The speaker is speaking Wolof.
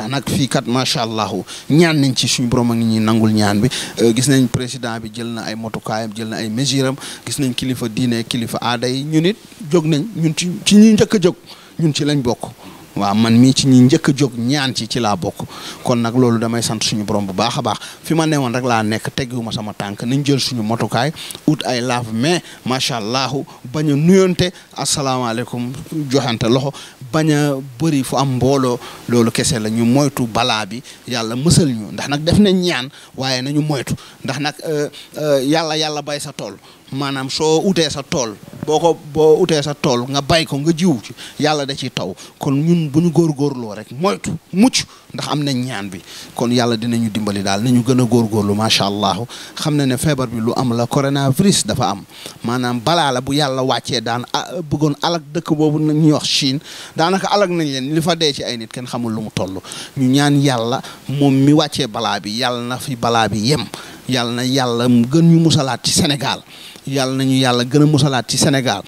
tax nag fii kat macha allah ñaan nañ ci suñu borom a ngi ñuy nangul ñaan bi euh, gis nañ président bi jël na ay motukaayam jël na ay mesure gis nañ kilifa diine kilifa aada yi ñun it jóg nañ ñun ci ci njëkk a jóg ñun ci lañ bokk. waaw man mii ci ñi njëkk a jóg ñaan ci ci laa bokk kon nag loolu damay sant suñu borom bu baax a baax fi ma newoon rek laa nekk teggiwuma sama tànk nañ jël suñu motukaay ut ay laaf mais macha allah bañ a nuyonte asalaamaaleykum joxante loxo bañ bëri fu am mbooloo loolu kese la ñu moytu balaa bi yàlla mësal ñu ndax nag def nañ ñaan waaye nañu moytu ndax nag euh, euh, yàlla yàlla bay sa tool maanaam soo utee sa tool boo ko boo utee sa tool nga bay ko nga jiw ci yàlla da ci taw kon ñun bu ñu góor góorloo rek moytu mucc ndax am nañ ñaan bi kon yàlla dinañu dimbali daal na ñu gën a góorgóorlu macha allah xam na ne feebar bi lu am la coronavirus dafa am maanaam balaa la bu yàlla wàccee daan bëggoon alag dëkk boobu ñuy wax Chine daanaka alag nañ leen li fa dee ci ay nit kenn xamul lu mu toll ñu ñaan yàlla moom mi wàccee balaa bi yàlla na fi balaa bi yem yàlla na yàlla gën ñu musalaat ci Sénégal yàlla nañu yàlla gën a musalaat ci Sénégal